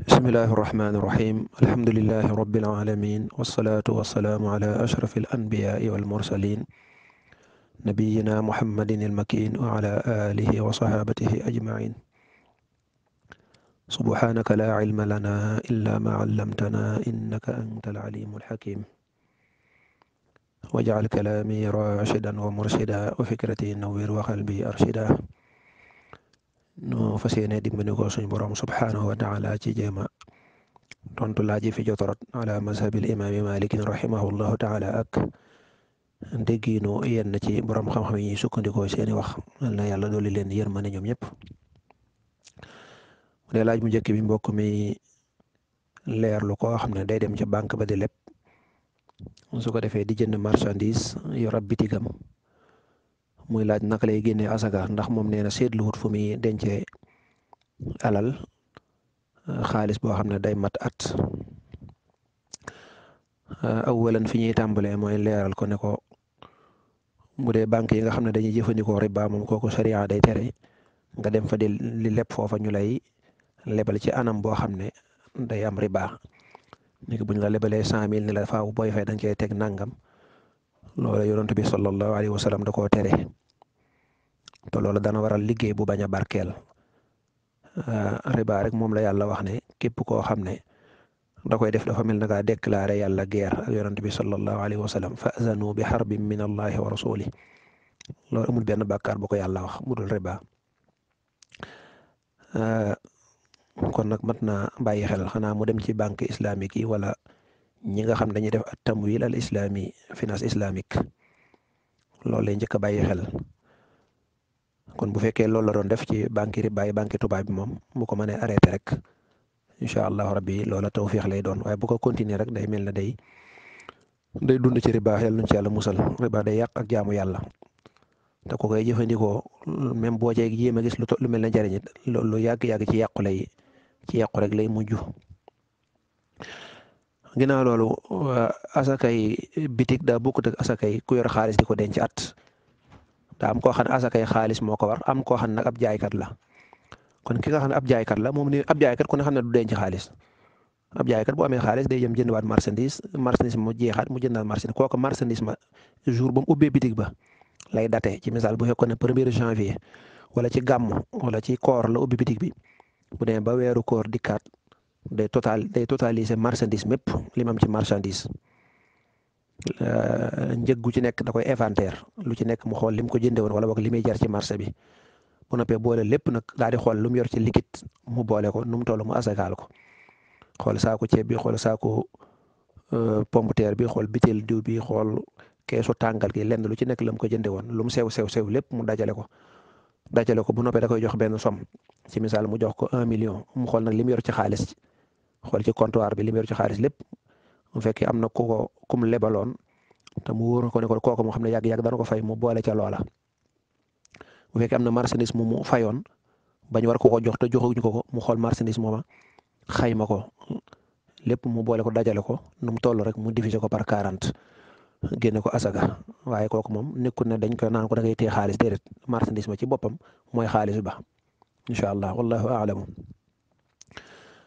bismillahi irrahmani irrahim alhamdulilahi rabilalamin walsalaatu walsalaamu ala ashraf alanbiyaai walmursalin nabiyina muhammadin almakin waala alihi wa saxaabatihi ajmain subhaanaka laa cilma lana illa maa callamtana innaka anta alcalimu alxakim wajcal kalaami raashidan wa murshidaa wa fikratii nawwir wa qalbii arshidaa nu fas yéene dimbali ko suñu borom subhaanahu wa taala ci jéema tontu laaj yi fi jotorot ala mazhabil imaami malikin rahimahullahu taala ak déggiinu yenn ci borom xam-xam yi ñuy sukkandikoo seeni wax yal na yàlla dolli leen yërmande ñoom ñëpp mu ne laaj mu njëkk bi mbokk mi leerlu koo xam ne day dem ca banque ba de leb su ko defee di jënd marchandise yor ab muy laaj naka lay génnee asaka ndax moom nee seet seetluwut fu muy dencee alal euh, xaalis boo xam ne day mat at euh, awwalan fi ñuy tàmbalee mooy leeral ko ne ko mu dee banque yi nga xam ne dañuy jëfandikoo riba moom kooku sharia day tere nga dem fa di li leb foofa ñu lay lebal ci anam boo xam ne day am riba léegi bu ñu la lebalee cent mille ni la faaw booy fay dañ cey teg nangam loola yonent bi sallallahu alayhi wa sallam da koo tere te loolu dana waral liggéey bu bañ a barkeel ah, riba rek moom la yàlla wax ne képp koo xam ne da koy def dafa mel na kaa déclaré yàlla guerre ak yonent bi sallallahu alayhi wa sallam fa azanu bi xarbin min allahi wa rasuli loolu amul benn bàkkaar bu ko yàlla wax mu dul riba ah, kon nag mat naa bàyyi xel xanaa mu dem ci banque islamique yi wala ñi nga xam dañuy def at tamwil al finance islamique loolu lay njëkk a bàyyi xel kon bu fekkee loolu la doon def ci banque riba yi banque tubaab bi moom bu ko manee arrêté rek incha allahu rabbi loola tawfiix lay doon waaye bu ko continuer rek day mel ne day day dund ci riba yàlla nuñ ci yàlla musal riba day yàq ak jaamu yàlla te ku koy jëfandikoo même boo cay jéem a gis lu lu mel ne njariñ lu yàgg-yàgg ci yàqu lay ci yàqu rek lay mujj ginnaaw loolu asakay bitik daa bokkut ak asakay ku yor xaalis di ko denc at te am koo xam ne asakay xaalis moo ko war am ko xam ne nag ab jaaykat la kon ki nga xam ne ab jaaykat la moom ni ab jaaykat ku ne xam na du denc xaalis ab jaaykat bu amee xaalis day jëm jëndiwaat marchandise marchandise mu jeexaat mu jëndaat marchandise kooku marchandise ma jour ba mu ubbee bitig ba lay date ci misaal bu fekkoon ne premier janvier wala ci gàmmu wala ci koor la ubbi bitig bi bu demee ba weeru koor dikkaat day total day totaliser marchandise mépp li am ci marchandise. Euh, njëg gu ci nekk da koy inventaire lu ci nekk mu xool lim ko jëndee woon wala boog li muy jar ci marché bi bu noppe boole lépp nag daal di xool lu mu yor ci liquide mu boole ko nu mu toll mu asagaal ko xool saako ceeb bi xool saako euh, pomme terre bi xool bitéel diw bi xool keesu tàngal gi lenn lu ci nekk la ko jëndee woon lu mu sew sew sew lépp mu dajale ko dajale ko bu noppee da koy jox benn somme ci misaal mu jox ko un million mu xool nag li mu yor ci xaalis xool ci comptoir bi li mu ci xaalis lépp. bu fekke am na ku ko ku lebaloon te mu wóor ko ne ko kooku moo xam ne yàgg-yàgg dana ko fay mu boole ca loola bu fekkee am na marchandise moom mu fayoon bañ war ko jox te joxuñu ko ko mu xool marchandise mooma xayma ko lépp mu boole ko dajale ko nu mu toll rek mu diviser ko par 40 génne ko asaga waaye kooku moom nekkul na dañ ko naan ko da ngay téye xaalis déedéet marchandise ma ci boppam mooy xaalis ba incha allah wallahu aalamu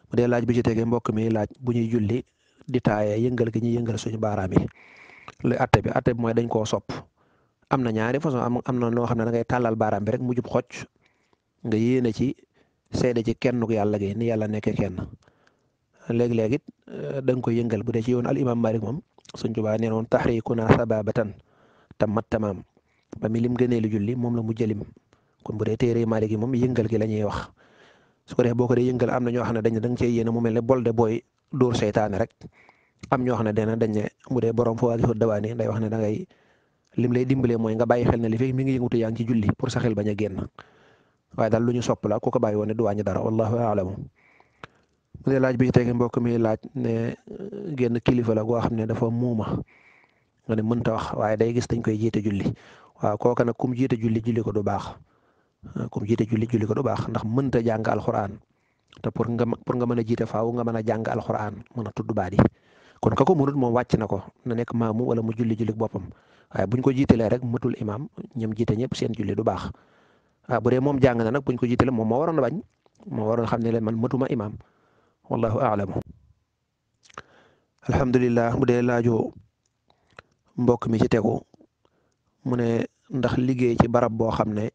bu dee laaj bi ci tegee mbokk mi laaj bu ñuy julli dita taaye yëngal ki ñuy yëngal suñu baaraam yi lu atte bi atte bi mooy dañ koo sopp am na ñaari façon am na loo xam ne dangay ngay tàllal baaraam bi rek mu jub xocc nga yéene ci seede ci kenn ku yàlla gi ni yàlla nekkee kenn léeg-léeg it euh, da koy yëngal bu dee ci yoon al imam malik moom suñ tubaa nee woon taxrikuna sababatan tammat tamaam ba mi lim gënee lu julli moom la mu jëlim kon bu dee téere malik yi moom yëngal ki la ñuy wax su ko defee boo ko dee yëngal am na ñoo ne da nga cee mu mel ne bol de booy dóor seytaane rek am ñoo xam ne dana dañ ne bu dee borom foo waagi fot dawaane day wax ne dangay ngay lim lay dimbalee mooy nga bàyyi xel ne li fekk mi ngi yëngutu yaa ngi ci julli pour sa xel bañ a waaye daal lu ñu sopp la ko bàyyi woon ne du wàññi dara wallahu aalamu mu dee laaj bi teg mbokk mi laaj ne eh, génn kilifa la goo xam ne dafa muuma nga ne mënta wax waaye day gis dañ koy jiite julli waaw kooka nag kum jiite julli julli ko du baax eh, kum jiite julli julli ko du baax ndax mënta jàng alxuraan te pour nga pour nga mën a jiite faaw nga mën a jàng alxuraan mën a tudd baat kon ka ko mënut moom wàcc na ko na nekk maamu wala mu julli julli boppam waaye buñ ko jiitelee rek matul imaam ñoom jiite ñëpp seen julli du baax waaw bu moom jàng na nag buñ ko jiitelee moom moo waroon a bañ moo waroon xam ne leen man matuma imam wallahu aalamu alhamdulilah bu dee laajoo mbokk mi ci tegu mu ndax liggéey ci barab boo xam ne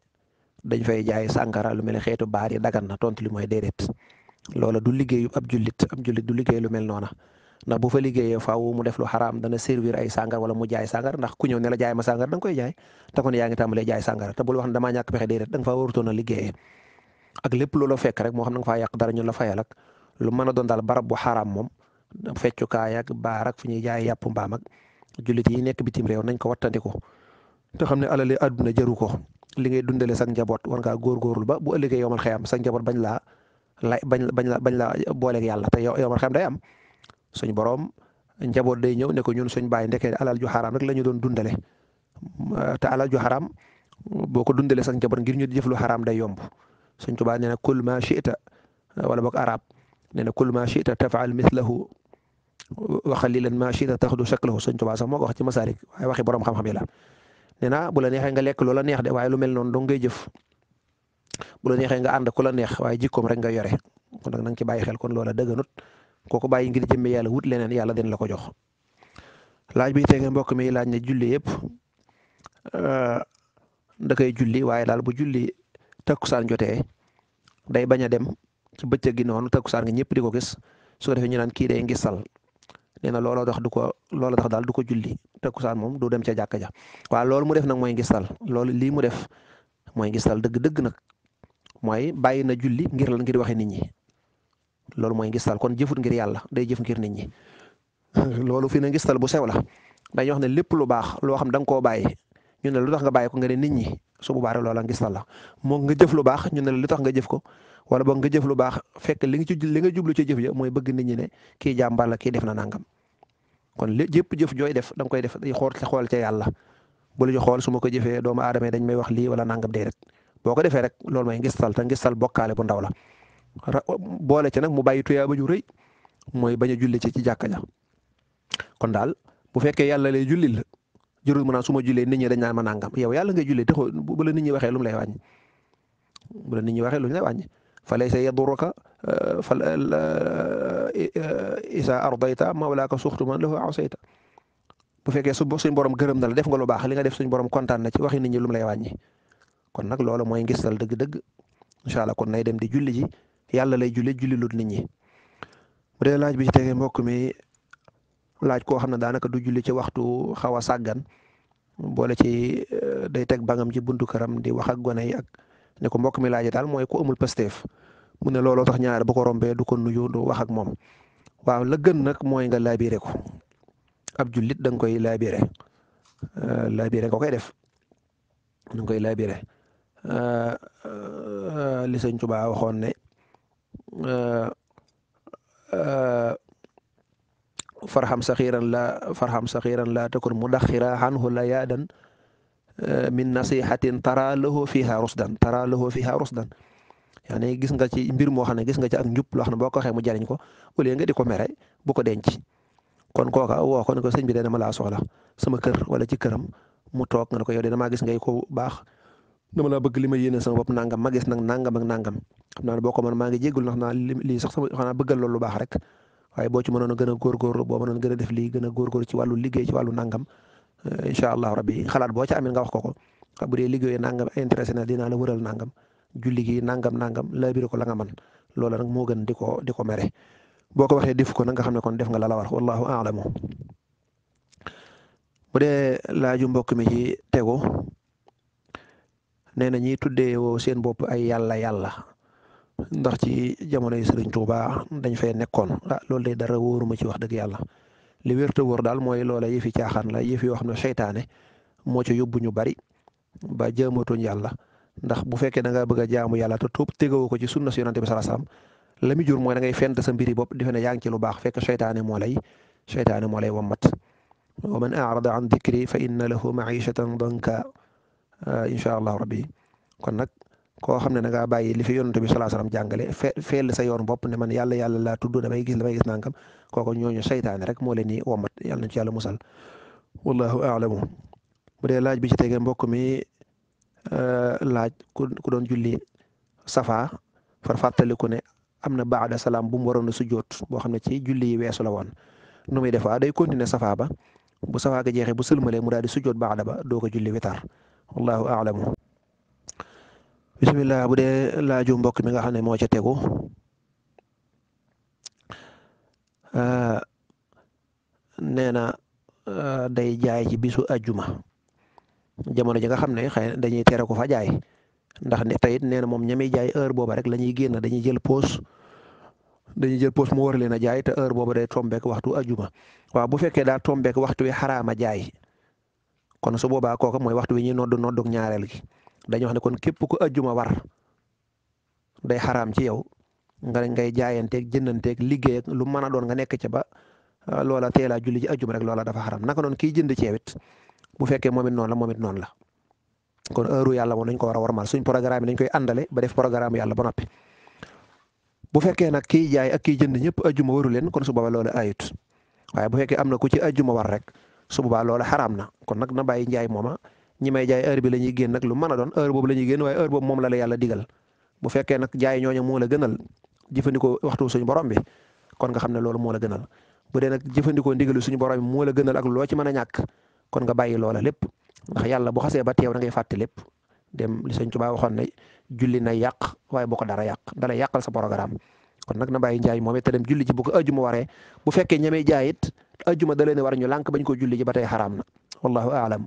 dañ fay jaay sàngara lu mel ne xeetu baar yi dagan na tontu li mooy déedéet loola du liggéeyu ab jullit ab jullit du liggéey lu mel noona ndax bu fa liggéeyee faaw mu def lu xaraam dana servir ay sàngar wala mu jaay sàngar ndax ku ñëw ne la jaay ma sàngar da koy jaay te kon yaa ngi tàmbalee jaay sàngara te bul wax ne damaa ñàkk pexe déedéet a liggéeyee ak lépp loola fekk rek moo xam na nga yàq dara la fayal ak lu mën a doon daal barab bu xaraam moom feccukaay ak baar ak fu ñuy jaay yàpp mbaam ak jullit yi nekk bitim réew nañ ko wattandiku te xam ne alali àdduna jaru ko li ngay dundale sa njaboot war ngaa góorgóorlu ba bu ëllëgee yomal xeyam sa njaboot bañ laa lay bañ bañ la bañ laa booleeg yàlla te yomal xeyam day am suñ borom njaboot day ñëw ne ko ñun suñ bàyyi ndekee alal ju xaraam rek la ñu doon dundale te alal ju xaraam boo ko dundalee sa njaboot ngir ñu jëf lu xaraam day yomb suñ tubaa nee na kul wala boog arab nee na kul ma chita tafaal mithlahu wa xalilan ma chita taxdu shaklahu suñ tubaa sax moo ko wax ci masarik waaye waxi borom xam-xam nee na bu la neexee nga lekk loola neex de waaye lu mel noonu dong ngay jëf bu la neexee nga ànd ku la neex waaye jikkoom rek nga yore kon nag na nga ci bàyyi xel kon loola dëgganut kooku bàyyi ngir jëmme yàlla wut leneen yàlla dina la ko jox. laaj bi tey nga mbokk mi laaj ne julli yëpp da koy julli waaye daal bu julli takkusaan jote day bañ a dem ci bëccëg gi noonu takkusaan nga ñëpp di ko gis su defe defee ñu naan kii nee looloo tax du ko looloo tax daal du ko julli takkusaan moom du dem ca jàkka ja waaw loolu mu def nag mooy ngistal lool lii mu def mooy ngistal dëgg-dëgg nag mooy bàyyi na julli ngir lan ngir waxe nit ñi loolu mooy ngistal kon jëfut ngir yàlla day jëf ngir nit ñi loolu fi na ngistal bu sew la dañuy wax ne lépp lu baax loo xam da nga koo bàyyi ñu ne lu tax nga bàyyi ko nga ne nit ñi su boobaa rek loola ngistal la moo nga jëf lu baax ñu ne lu tax nga jëf ko wala boog nga jëf lu baax fekk li nga ci li nga jublu ci jëf ja mooy bëgg nit ñi ne kii jàmbaar la kii def na nangam kon lépp jëpp jëf jooy def da koy def di xool ci xool ca yàlla bu la ñu xool su ma ko jëfee doomu aadama dañ may wax lii wala nangam déedéet boo ko defee rek loolu mooy ngistal te ngistal bokkaale bu ndaw la boole ci nag mu bàyyi tuyaaba ju rëy mooy bañ a julli ci ci jàkka ja kon daal bu fekkee yàlla lay jullil jërul mu naan su ma jullee nit ñi dañ naan ma nangam yow yàlla nga jullee taxoo bu la nit ñi waxee lu lay waañ bu la nit waxee lu mu lay wàññi fa laysa yadurruka fa isa ardayta mawlaaka suxtu man lahu asayta bu fekkee su suñ borom gërëm na la def nga lu baax li nga def suñ borom kontaan na ci waxi nit ñi lu mu lay kon nag loolu mooy ngistal dëgg-dëgg incha allah kon nay dem di julli ji yàlla lay julli julli lut nit ñi bu dee laaj bi te tegee mbokk mi laaj koo xam ne daanaka du julli ci waxtu xaw a sàggan boole ci euh, day teg bangam ci buntu këram di wax ak gone yi ak. ne ko mbokk mi laaj daal mooy ku amul Pastef mu ne looloo tax ñaar bu ko rombee du ko nuyu du wax ak moom waaw la nag mooy nga laabire ko ab jullit da nga koy laabire euh, laabire ko koy def da koy laabire euh, li sëñ Tuubaa waxoon ne euh, farxam saxiiran la farxam saxiiran la takun mudaxira xanhu la yaadan Euh, min nasihatin tara lahu fiha rusdan tara lahu fiha rusdan yaani gis nga ci mbir moo xam ne gis nga ci ak njub loo xam ne boo ko waxee mu jariñ ko au nga di ko mere bu ko denc kon kooka woo ko ne ko sëñ bi de dama laa soxla sama kër wala ci këram mu toog nga ne ko yow de damaa gis ngay ko baax dama laa bëgg li ma yéene sama bopp nangam ma gis nag nangam ak nangam naa boo ko mën maa ngi jéggul ndax naa lii sax sama xanaa bëggal lu baax rek waaye boo ci mënoon a gën a góorgóorlu boo mënoon gën a def lii gën ci wàllu liggéey ci wàllu nangam incha allah rabbi xalaat boo ci amee nga wax ko ko bu dee liggéey nangam intéressé na dinaa la wëral nangam julli gi nangam nangam laabiri ko la nga man loola nag moo gën di ko di ko mere boo ko waxee def ko nag nga xam ne kon def nga la la war wallahu alamu bu dee laaju mbokk mi ci tegu nee na ñiy tuddee seen bopp ay yàlla yàlla ndax ci jamonoy Sëriñ Tuuba dañ fay nekkoon ah loolu de dara wóoruma ci wax dëgg yàlla li wér te wóor daal mooy loola yëfi caaxaan la yëfi yoo xam ne seytaane moo ci yóbbu ñu bari ba jaamatuñ yàlla ndax bu fekkee da nga bëgg a jaamu yàlla te tuub tegewoo ko ci sunna si yonante bi sallallahu alayhi wasallam jur moo da ngay fent sa mbiri bopp defe ne yaa ngi ci lu baax fekk seytaane moo lay seytaane moo lay wammat wa man arada an dikri fa inna lahu maishatan danka ah, incha allah rabbi kon nag koo xam ne da ngaa bàyyi li fi yonante bi sallallahu alayhi wasallam jàngale sa yoon bopp ne man yàlla yàlla laa tudd damay gis damay gis nangam kooku ñooñu saytaane rek moo leen di womat yàlla nañ ci yàlla musal wallahu aalamu bu dee laaj bi ci tege mbokk mi euh, laaj ku doon julli safa far fàttaliku ne am na baada salaam bu mu waroon a sujjoot boo xam ne ci julli yi weesu la woon nu muy defa day continuer safa ba bu safa ga jeexee bu sëlmalee mu daal di sujjoot baada ba doo ko julli witar wallahu aalamu bismillah bu dee laaju mbokk mi nga xam ne moo ca tegu nee na day jaay ci bisu ajuma jamono ji nga xam ne xëy na dañuy tere ko fa jaay ndax ne tey it nee na moom ñamiy jaay heure booba rek la ñuy génn dañuy jël pause dañuy jël pause mu war leen a jaay te heure booba day tombeek waxtu ajjuma waaw bu fekkee daal tombeek waxtu wi xaraama jaay kon su boobaa kooka mooy waxtu wi ñuy noddu noddu ñaareel gi dañuy ne kon képp ku ajjuma war day xaraam ci yow nga ngay jaayanteeg jëndanteeg liggéey ak lu mën a doon nga nekk ca ba ah, loola teel a julli ji ajjuma rek loola dafa xaram naka noon kiy jënd ceeb it bu fekkee moom it noonu la moom it noonu la kon heure yàlla moom dañ ko war a warmal suñ programme dañ koy àndale def programme yàlla ba noppi bu fekkee nag kiy jaay ak kiy jënd ñëpp ajjuma waru leen kon su boobaa loola ayut waaye bu fekkee am na ku ci ajjuma war rek su boobaa loola xaraam na kon nag na bàyyi njaay mooma ñi may jaay heure bi la ñuy génn nag lu mën a doon heure boobu la ñuy génn waaye heure boobu moom la la yàlla digal bu fekkee nag jaay ñooñu moo la gënal jëfandikoo waxtu suñu borom bi kon nga xam ne loolu moo la gënal bu dee nag jëfandikoo ndigalu suñu borom bi moo la gënal ak loo ci mën a ñàkk kon nga bàyyi loola lépp ndax yàlla bu xasee ba teew da ngay fàtte lépp dem li sëñ Tuubaa waxoon ne julli na yàq waaye boo ko dara yàq dalay yàqal sa programme kon nag na bàyyi njaay moom it te dem julli ji bu ko ajjuma waree bu fekkee ñamee jaay it ajjuma da leen war ñu lànk bañ ko julli ji ba tey xaraam na wallahu aalam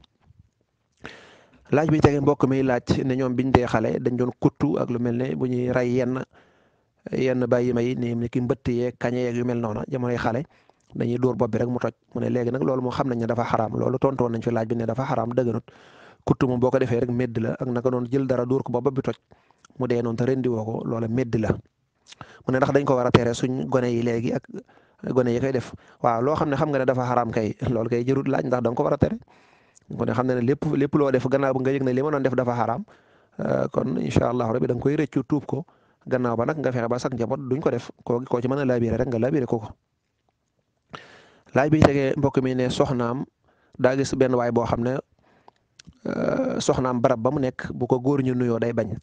laaj bi tege mbokk mi laaj ne ñoom biñ dee xale dañ doon kuttu ak lu mel ne bu ñuy rey yenn yenn bàyyi may ni ni ki mbëtt yeeg kañe yeeg yu mel noona jamonoy xale dañuy dóor bopp bi rek mu toj mu ne léegi nag loolu moo xam nañ ne dafa xaraam loolu tontoon nañ fi laaj bi ne dafa xaraam dëgërut kuttu moom boo ko defee rek medd la ak naka doon jël dara dóor ko ba bopp bi toj mu dee noonu te rendi woo ko loola medd la mu ne ndax dañ ko war a tere suñ gone yi léegi ak gone yi koy def waaw loo xam ne xam nga ne dafa xaraam kay loolu kay jërut laaj da nga ko war a tere kon xam na ne lépp lépp loo def gannaaw ba nga yëg ne li ma doon def dafa xaraam euh, kon incha allah rabbi da koy rëccu tuub ko gannaaw ba nag nga fexe ba sax njaboot duñ ko def ko koo ci mën a laabire rek nga laabire ko ko laaj bi tegee mbokk mi ne soxnaam daa gis benn waay boo xam ne euh, soxnaam barab ba mu nekk bu ko góor ñu nuyoo day bañ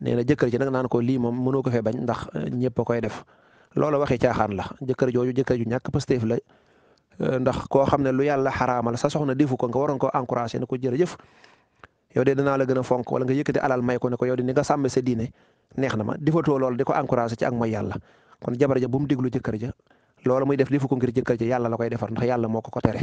nee na jëkkër ji nag naan ko lii moom mënoo ko fee bañ ndax euh, ñëpp koy def loola waxi caaxaan la jëkkër jooju jëkkër ju ñàkk Pastef la euh, ndax koo xam ne lu yàlla xaraamal sa soxna defu ko nga waroon ko encouragé ne ko jëf yow de danaa la gën a fonk wala nga yëkkati alal may ko ne ko yow de ni nga sàmme sa diine neex na ma di fa too loolu di ko encouragé ci ak mooy yàlla kon jabar ja bu mu déglu yàlla la koy defar ndax yàlla moo ko ko tere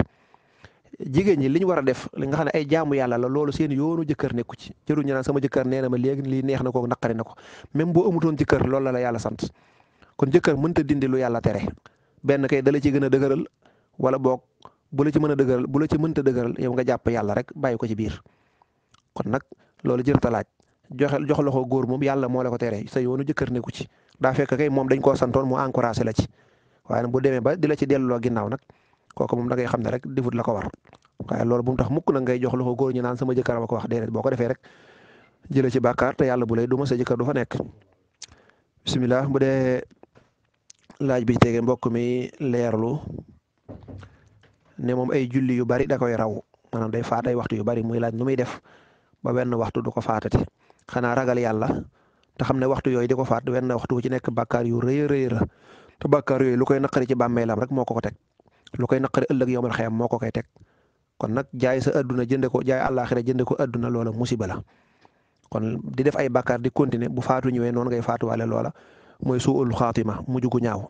jigéen li ñu war a def li nga xam ne ay jaamu yàlla la loolu seen yoonu jëkkër nekku ci jëru ñu naan sama jëkkër nee na ma léegi lii neex na ko naqari na ko même boo amutoon ci kër loolu la la yàlla sant kon jëkkër mënta dindi lu yàlla tere benn kay dala ci gën a dëgëral wala boog bu la ci mën a dëgëral bu la ci mënta dëgëral yow nga jàpp yàlla rek bàyyi ko ci biir kon nag loolu jërta laaj joxe jox loxo góor moom yàlla moo la ko tere sa yoonu jëkkër ne ku ci daa fekk kay moom dañ koo santoon mu encouragé la ci waaye na bu demee ba di la ci delloo ginnaaw nag kooku moom da ngay xam ne rek defut la ko war waaye loolu bu mu tax mukk na ngay jox loxo góor ñu naan sama jëkkër ma ko wax déedéet boo ko defee rek jëlee ci bàkkaar te yàlla bu lay duma sa jëkkër du fa nekk bisimilah bu dee laaj bi tege mbokk mi leerlu ne moom ay julli yu bari da koy raw maanaam day faat ay waxtu yu bari muy laaj nu muy def ba wenn waxtu du ko faatati xanaa ragal yàlla te xam ne waxtu yooyu di ko faat wenn waxtu wu ci nekk bàkkaar yu rëy rëy la te bàkkaar yooyu lu koy naqari ci bàmmeelam rek moo ko ko teg lu koy naqari ëllëg yowmal xeyam moo ko koy teg kon nag jaay sa adduna jënde ko jaay àllaaxira jënde ko adduna loola musiba la kon di def ay bàkkaar di continuer bu faatu ñëwee noonu ngay faat waale loola mooy suul xaatima mujj gu ñaaw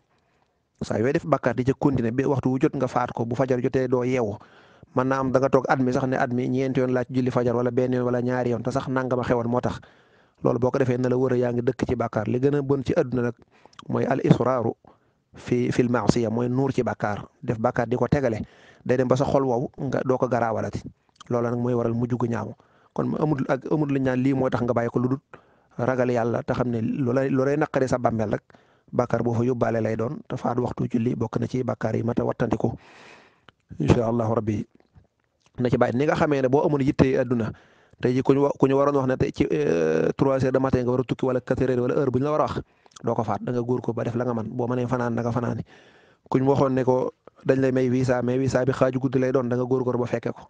saa yooyu def bakaar di ca continuer bi waxtu wu jot nga faat ko bu fajar jotee doo yeewu man naa am danga toog at mi sax ne at mi ñeenti yoon laa ci julli fajar wala benn yoon wala ñaari yoon te sax nangama xewoon moo tax loolu boo ko defee na la wër a yaa dëkk ci bàkkaar li gën a bon ci àdduna mooy al israaru fi fil maasiya mooy nuur ci bàkkaar def bàkkaar di ko tegale day dem ba sa xol wow nga doo ko garaawalati loolu nag mooy waral mujj gu ñaaw kon amul ak amul lu ñaan lii mooy tax nga bàyyi ko lu dul ragal yàlla ta xam ne loola loolay naqari sa bàmmeel rek bàkkaar boo fa yóbbaale lay doon te faat waxtu julli bokk na ci bàkkaar yi mat a wattandiku incha allahu rabbi na ci bàyyi ni nga xamee ne boo amoon yitte adduna te ji ku ñu ku ñu waroon wax ne tey ci euh, trois heures de matin nga war a tukki wala quatre heures wala heure bu la war a wax doo ko faat da nga góor ba def la nga man boo mënee fanaan da nga fanaani ku ne ko dañ lay may visa mais visa bi xaaju guddi lay doon da nga góor-góor ba ko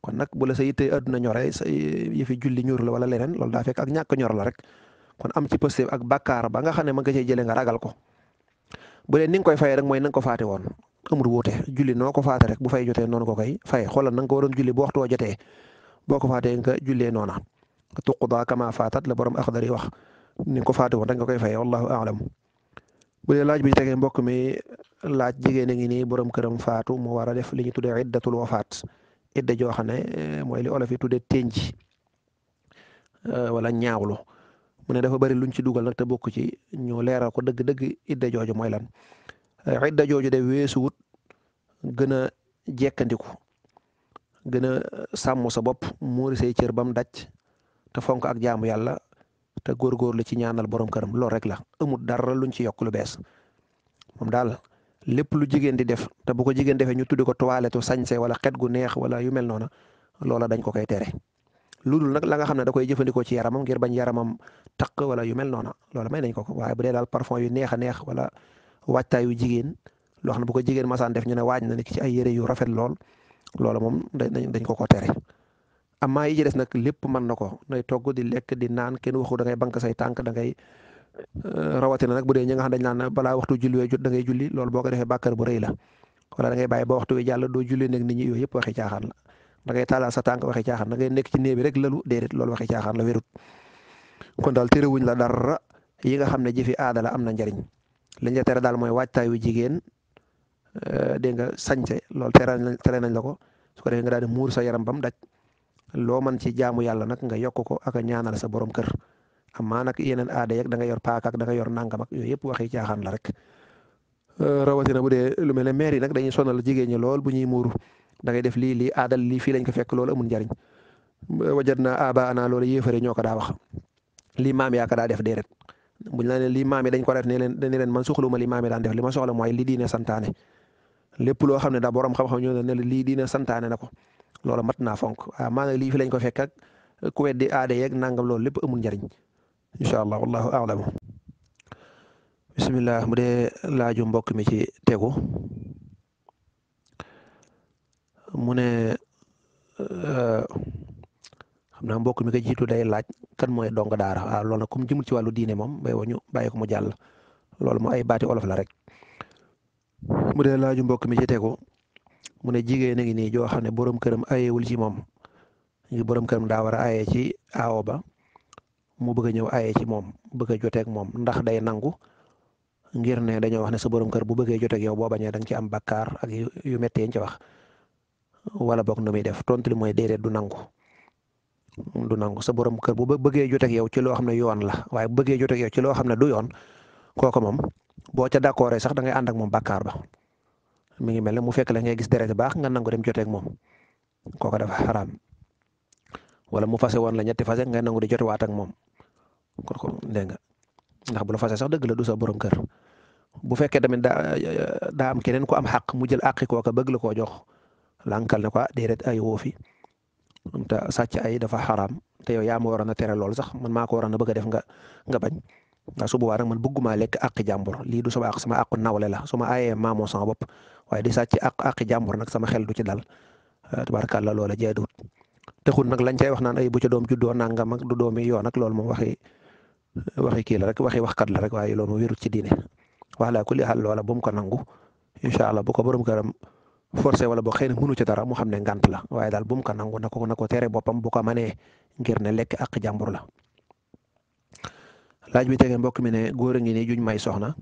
kon nag bu la sa yitte adduna ñoree sa yëfi julli ñor la wala leneen loolu daa fekk ak ñàkk ñor la rek kon am ci positif ak bakkaar ba nga xam ne mën nga cee jëlee nga ragal ko bu dee ni nga koy fayee rek mooy na ko faate woon amul wuute julli noo ko faate rek bu fay jotee noonu ko koy faay xoolal na ko waroon julli bu waxtu woo jotee boo ko faatee nga jullee noona tuqdaa kama faatat la borom Axdari wax ni ko faate woon rek nga koy fay wallahu aalam bu dee laaj bi tegee mbokk mi laaj jigéen a ngi nii borom këram faatu mu war a def li ñu tuddee iddatul wafaat idda joo xam ne eh, mooy li olof yi tuddee eh, wala ñaawlu mu ne dafa bari luñ ci dugal nag te bokk ci ñu leeral ko dëgg-dëgg idda jooju mooy lan Eh, idda jooju de weesuwut gën a jekkandiku gën a eh, sàmm sa bopp muuri say cër bam daj te fonk ak jaamu yàlla te góorgóorlu ci ñaanal borom këram lool rek la amul dara luñ ci yokk lu bees moom daal lépp lu jigéen di def te bu ko jigéen defee ñu tuddi ko toilette sañse wala xet gu neex wala yu mel noona loola dañ ko koy tere lu dul nag la nga xam ne da koy jëfandikoo ci yaramam ngir bañ yaramam taq wala yu mel noona loola may nañ ko ko waaye bu dee daal parfum yu neex a neex wala waajtaayu jigéen loo xam ne bu ko jigéen masaan def ñu ne waaj na nekk ci ay yére yu rafet lool loola moom dañ dañ ko ko tere amaa yi ci des nag lépp mën na ko ngay togg di lekk di naan kenn waxu da ngay bank say tànk da ngay euh, rawatina nag bu dee ñi nga xam dañ naan balaa waxtu julli wee jot da ngay julli loolu boo ko defee bàkkar bu rëy la wala da ngay bàyyi ba waxtu wi jàll doo julli nag nit ñi yooyu yëpp waxi caaxaan la da ngay taalal sa tànk waxi caaxaan da ngay nekk ci néeg bi rek lalu déedéet la wérut kon daal terewuñ la dara yi nga xam ne jëfi aada la am na njariñ liñ la tere daal mooy waajtaayu jigéen euh, dégg nga sañse loolu tere nañ tere nañ la ko su ko defee nga daal muur sa yaram bam daj loo man ci jaamu yàlla nag nga yokk ko ak ñaanal sa borom kër amaa nag yeneen aada yeeg da nga yor paaka ak da yor nangam ak yooyu yëpp waxi caaxaan la rek euh, rawatina bu dee lu mel ne maire yi nag dañuy sonal jigéen ñi lool bu ñuy muur da ngay def lii lii aadal lii fii lañ ko fekk loolu amul njariñ wajat na aba lool loolu yéefare ñoo ko daa wax lii maam yaa ko daa def buñ la leen lii dañ ko def ne leen ne leen man soxluma li maam yi daan def li ma soxla mooy li diine santaane lépp loo xam ne daa borom xam-xam ñoo ne lii diine santaane na ko loolu mat naa fonk waaw ah, maanaam lii lañ ko fekk ak ku weddi aada yeeg nangam loolu lépp amul njariñ incha allah wallahu a'lam bismillah bu dee laaju mbokk mi ci tegu mu euh, xam naa mbokk mi ko jiitu day laaj kan mooy dong daara ah loolu nag comme jëmul ci wàllu diine moom bay wañu bàyyi ko mu jàll loolu moo ay baati olof la rek mu dee laaju mbokk mi ci tegu mu ne jigéen a ngi nii joo xam ne borom këram ayewul ci moom ngi borom këram daa war a aye ci aawo ba mu bëgg ñëw aye ci moom bëgg a joteeg moom ndax day nangu ngir ne dañoo wax ne sa borom kër bu bëggee joteeg yow boo bañee da nga ci am bakaar ak yu métti ci wax wala boog nu muy def tontu li mooy déedéet du nangu. du nangu sa borom kër bu bëggee joteeg yow ci loo xam ne yoon la waaye bu bëggee joteeg yow ci loo xam ne du yoon kooku moom boo ca d'accord sax da ngay ànd ak moom bàkkaar ba mi ngi mel ne mu fekk la ngay gis deret baax nga nangu dem joteeg moom kooku dafa xaraam wala mu fase woon la ñetti fase nga nangu di jotewaat ak moom kooku dégg nga ndax bu la fase sax dëgg la du sa borom kër bu fekkee tamit da daa am keneen ku am xaq mu jël àqi kooka bëgg la koo jox lànkal ne ko ah, déedéet ay woo te sàcc ay dafa xaraam te yow yaa ma a tere lool sax man maa ko waroon a bëgg a def nga nga bañ waaw su boobaa nag man bëgguma lekk àqi jàmbur lii du sama àq sama àqu nawle la su ma aayee maamoo sama bopp waaye di sàcc àq àqi jàmbur nag sama xel du ci dal tabaarkàlla loola jaaduwut texul nag lañ cay wax naan ay bu ca doom juddoo nangam mag du doomi yoon ak loolu moom waxi waxi kii la rek waxi waxkat la rek waaye lool moom wérut ci diine wala kulli loola bu ko nangu incha allah bu ko forcé wala boo xëy na mënu ci dara mu xam ne ngant la waaye daal bu mu ko nangu na ko na ko tere boppam bu ko manee ngir ne lekk ak jàmbur la laaj bi tege mbokk mi ne góor a ngi nii juñ may soxna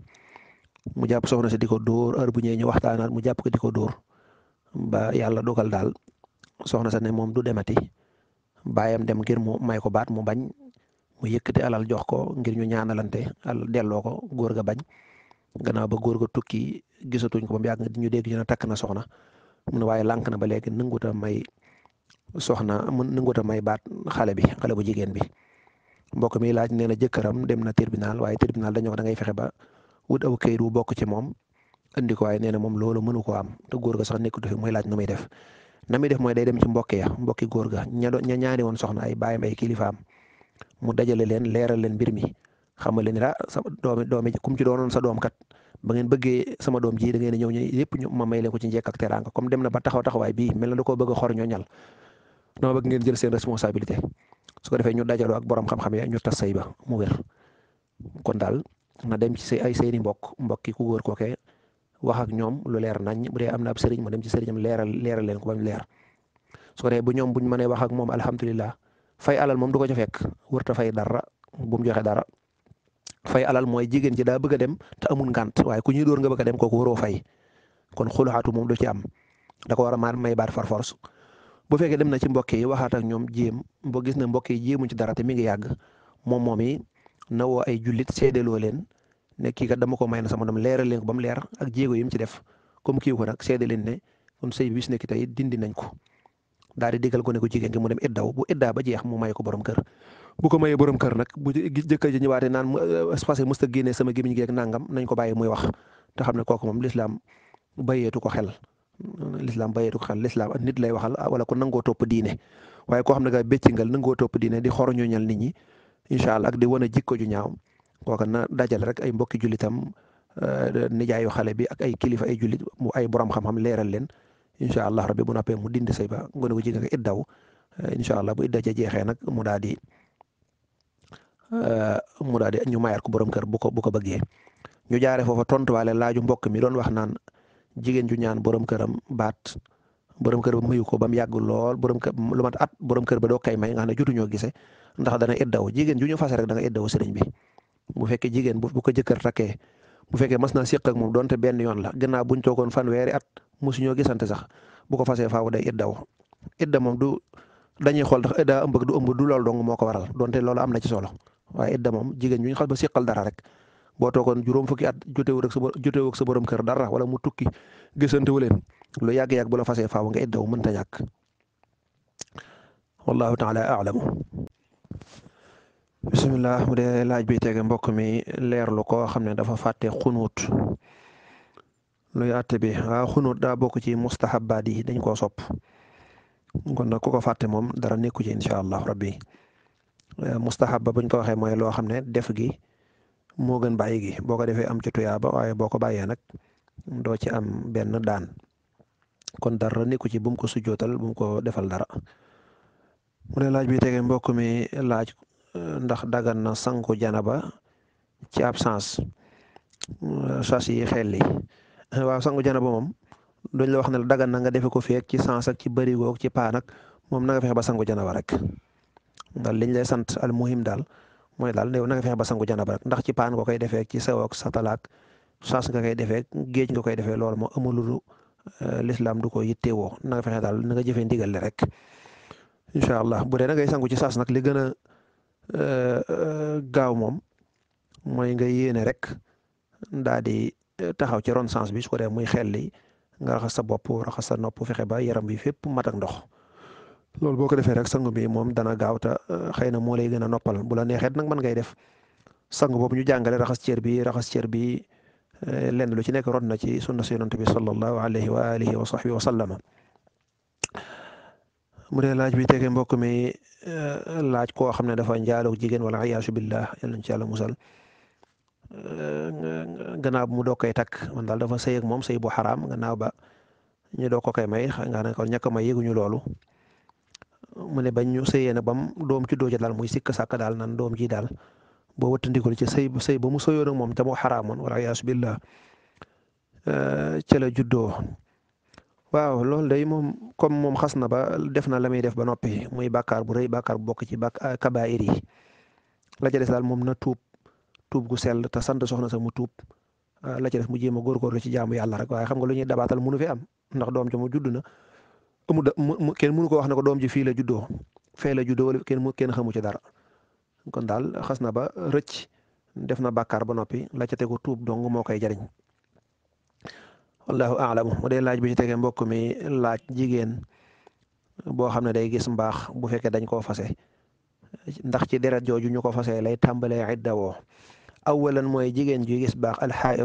mu jàpp soxna si di ko dóor heure bu ñëwee ñu waxtaanaat mu jàpp ko di ko dóor ba yàlla dogal daal soxna sa ne moom du demati baayam dem ngir mu may ko baat mu bañ mu yëkkati alal jox ko ngir ñu ñaanalante al delloo ko góor ga bañ gannaaw ba góor ga tukki gisatuñ ko ba mu ñu dégg ñu ne takk na soxna mu ne waaye lànk na ba léegi nanguta may soxna mu nanguta may baat xale bi xale bu jigéen bi mbokk mi laaj nee na jëkkëram dem na tribunal waaye tribunal dañoo da fexe ba wut aw kayit wu bokk ci moom indi ko waaye nee na moom loolu mënu ko am te góor ga sax nekkatu fi muy laaj nu muy def na muy def mooy day dem ci mbokk ya mbokki góor ga ña ñaari woon soxna ay baayam ay kilifaam mu dajale leen leeral leen mbir mi xamal leen ah sama doomi doomi kum ci sa doom kat ba ngeen bëggee sama doom ji da ngeen ñëw ñu yëpp ñu ma may leen ko ci njekk ak teraanga comme dem na ba taxaw taxawaay bii mel na da koo bëgg a xor ñoo ngeen jël seen responsabilité su defee ñu dajaloo ak borom xam-xam ya ñu say ba mu wér kon daal na dem ci say ay seeni mbokk mbokk yi ku góor kookee wax ak ñoom lu leer nañ bu dee am na ab sëriñ mu dem ci sëriñam leeral leeral leen ko ba mu leer su ko defee bu ñoom buñ mënee wax ak moom alhamdulilah fay alal moom du ko ca fekk wërta fay dara bu mu joxe dara fay alal mooy jigéen ji daa bëgg dem te amul ngant waaye ku ñuy dóor nga bëgg a dem kooku waroo fay kon xulaxaatu moom du ci am da ko war a ma may baat far force bu fekkee dem na ci mbokk yi waxaat ak ñoom jéem boo gis ne mbokk yi jéemuñ ci dara te mi ngi yàgg moom moom yi nawoo ay jullit seedeloo leen ne kat dama ko may na sama doom leeral leen ko ba mu leer ak yi mu ci def comme kii ko nag seede leen ne kon sëy bis nekk tey dindi nañ ko daal di digal ko ne ko jigéen gi mu dem iddaw bu daa ba jeex mu may ko borom kër bu ko mayee borom kër nag bu jëkkër ji ñëwaatee naan euh, espace mës ta génnee sama gémmiñ gi ak nangam nañ ko bàyyi muy wax te xam ne kooku moom lislaam bayeetu ko xel lislaam bayeetu ko xel lislaam nit lay waxal ah, wala ko nangoo topp diine waaye koo xam ne gaa béccingal nangoo topp diine di xoroñoñal nit ñi incha allah ak di wane jikko ju ñaaw kooka na dajale rek ay mbokki jullitam euh, nijaayu xale bi ak ay kilifa ay jullit mu ay borom xam-xam leeral leen incha allah rabbi bu nappee mu dindi say ba nga ne ko ci nga iddaw euh, incha allah bu idda jeexee nag mu daal Euh, mu daal di ñu mayaat ko borom kër bu ko bu ko bëggee ñu jaaree foofa tontuwaale laaju mbokk mi doon wax naan jigéen ju ñaan borom këram baat borom kër ba mayu ko ba mu yàgg lool borom kër lu mat at borom kër ba doo kay may nga xam ne jotuñoo gisee ndax dana iddaw jigéen ju ñu fas rek da nga iddaw sëriñ bi bu fekkee jigéen bu ko jëkkër takkee bu fekkee mas naa séq ak moom donte benn yoon la gannaaw buñ toogoon fanweeri at mosuñoo gisante sax bu ko fasee faaw day iddaw idda moom du dañuy xool ndax idda ëmb du ëmb du loolu dong moo ko waral donte loolu am na ci solo waaye idda moom jigéen ñu ñu xam ba siqal dara rek boo toogoon juróom fukki at joteewul ak sa joteewul ak borom kër dara wala mu tukki gisante wu leen lu yàgg-yàgg bu la fasee faaw nga iddaw mënta ñàkk wallahu taala aalamu bisimilah mu dee laaj bi tege mbokk mi leer leerlu koo xam ne dafa fàtte xunuut luy àtte bi waaw xunuut daa bokk ci mustahabaat yi dañ koo sopp kon nag ko fàtte moom dara nekku ci incha allah rabbi Euh, mustahab ba buñ ko waxee mooy loo xam ne def gi moo gën bàyyi gi boo ko defee am ci tuyaaba waaye boo ko bàyyee nag doo ci am benn daan kon dara nekku ci bum ko sujjootal bu mu ko defal dara mu ne laaj bi tege mbokk mi laaj euh, ndax dagan na sangu janaba ci absence euh, sas yi xel yi waaw sangu janaba moom duñ la wax ne la dagan na nga defe ko feek ci sens ci bërigoog ci paanak moom na nga fexe ba sangu janaba rek daal liñ lay sant al muhim daal mooy daal na nga fexe ba sangu janaba rek ndax ci paan nga koy defee ci sewook satalaak saas nga koy defee géej nga koy defee loolu moo amululu eh, lislaam du ko yittewoo na fexe daal na nga jëfee ndigal le rek incha allah bu dee da ngay ci saas nag li gën a eh, eh, gaaw moom mooy nga yéene rek daal di taxaw ci ron sens bi su ko def muy xel li nga raxas sa bopp raxas sa nopp fexe ba yaram bi fépp mat ak ndox loolu boo ko defee rek sangu bi moom dana gaaw te euh, xëy na moo lay gën a noppal bu la neexee nag mën ngay def sangu boobu ñu jàngale raxas cër bi raxas cër bi euh, lenn lu ci nekk rod na ci sunna si yonent bi sallallahu alayhi wa alihi wa sahbihi wa sallama mu dee laaj bi tege mbokk mi euh, laaj koo xam ne dafa njaaloog jigéen wala ayaasu billah yal nañ ci yàlla musal gannaaw bu mu doog koy takk man daal dafa sëy ak moom sëy bu xaraam gannaaw ba ñu doog ko koy may nga xam ne kon ñàkk may yëguñu loolu mu ne bañ ñu sëyee na bam doom ci dooja daal muy sikk sàkk daal nan doom ji daal boo wëttandikul ci sëy say ba mu sëyoon ak moom te moo xaraamoon wala yaasu billah eh, ca la juddoo waaw loolu de moom comme moom xas na ba def na la def ba noppi muy bu rëy bàkkaar bu bokk ci bak eh, kabaayir yi la ca des daal moom na tuub tuub gu sell ta sant soxna sa mu tuub eh, la ca des mu jéem a góorgóorlu ci jaamu yàlla rek waaye xam nga lu ñuy dabaatal mënu fi am ndax doom ci amul da kenn mënu ko wax ne ko doom ji fii la juddoo fee la juddoo wala kenn kenn xamu ci dara kon daal xas na ba rëcc def na bàkkaar ba noppi la ca ko tuub dong moo koy jariñ wallahu aalamu bu dee laaj bi ci tege mbokk mi laaj jigéen boo xam ne day gis mbaax bu fekke dañ koo fase ndax ci deret jooju ñu ko fase lay tàmbalee idda woo awalan mooy jigéen ju gis baax alxaid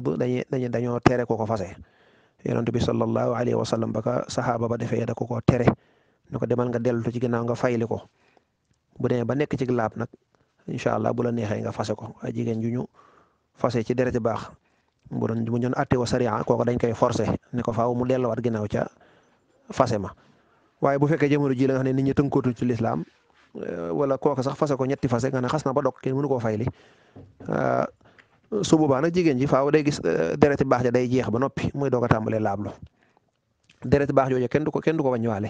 dañu dañoo tere ko ko fase yonent bi sallallahu alayhi wa sallam ba ka saxaaba ba defee da ko koo tere ne ko demal nga dellu ci ginnaaw nga fayli ko bu demee ba nekk ci laab nag incha allah bu la neexee nga fase ko ay jigéen ju ñu fase ci deret baax bu doon bu ñoon atte wa sariya kooku dañ koy forcé ne ko faaw mu delluwaat ginnaaw ca fasse ma waaye bu fekkee jamono ji la nga xam ne nit ñi tënkootul ci lislaam eh, wala kooku sax fase ko ñetti fase nga ne xas na ba dog kenn mënu koo fayli ah, su boobaa nag jigéen ji faaw day gis eh, deret baax ja day jeex ba noppi muy doog a tàmbalee laablu deret baax jooju kenn du ko kenn du ko wàññiwaale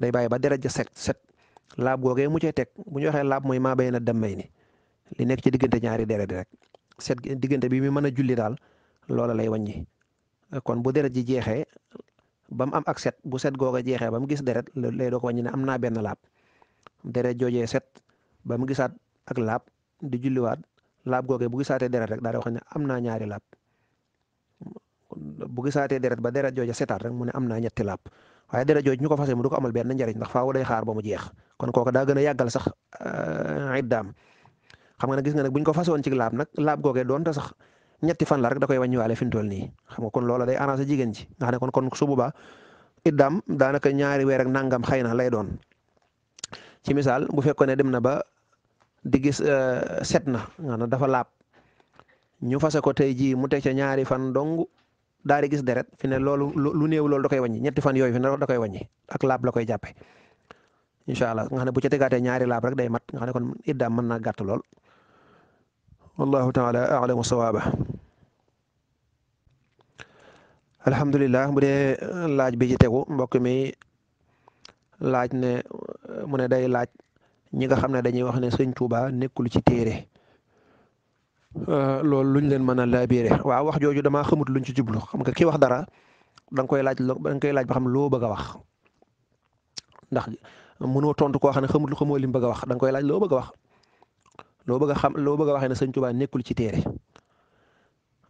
day bàyyi ba deret ja set set laab googee mu cay teg bu ñu waxee laab mooy maa bay na demmay ni li nekk ci diggante ñaari deret rek set diggante bi mi mën a julli daal loola lay waññi kon bu deret ji jeexee ba mu am ak set bu set googa jeexe ba mu gis deret lay doog wàññi ne am naa benn laab deret jooje set ba mu gisaat ak laab di julliwaat laab googee bu gisaatee deret rek daal di wax ne am naa ñaari laab bu gisaatee deret ba deret jooja setaat rek mu ne am naa ñetti laab waaye deret jooju ñu ko fase mu du ko amal benn njariñ ndax faaw day xaar ba mu kon kooka daa gën a yàggal sax euh, iddaam xam nga gis nga nag buñ ko fasoon ci laab nag laab googee doonte sax ñetti fan la rek da koy wàññiwaale fi mu toll nii xam nga kon loola day arrangé jigéen ji nga ne kon kon su boobaa iddaam daanaka ñaari weer ak nangam xëy na lay doon ci misaal bu fekkoon ne dem ba di gis euh, set na nga dafa laab ñu fase ko tey jii mu teg ca ñaari fan dong daal gis deret fi ne loolu lu néew loolu da koy wàññi ñetti fan yooyu fi ne da koy wàññi ak laab la koy jàppe incha allah nga xam ne bu ca tegaatee ñaari laab rek day mat nga xam ne kon iddaam mën naa lool wallahu taala alamu sawaaba alhamdulilah bu laaj bi ci tegu mbokk mi laaj ne mu ne day laaj ñi nga xam ne dañuy wax ne sëñ Touba nekkul ci téere euh, loolu luñ leen mën a labiré waaw wax jooju damaa xamut luñ ci jublu xam nga ki wax dara da koy laaj da nga koy laaj ba xam loo bëgg a wax ndax mënoo tontu koo xam ne xamut lu xamoo lim bëgg a wax da koy laaj loo bëgg wax loo bëgg a loo bëgg waxee ne sëñ Touba nekkul ci téere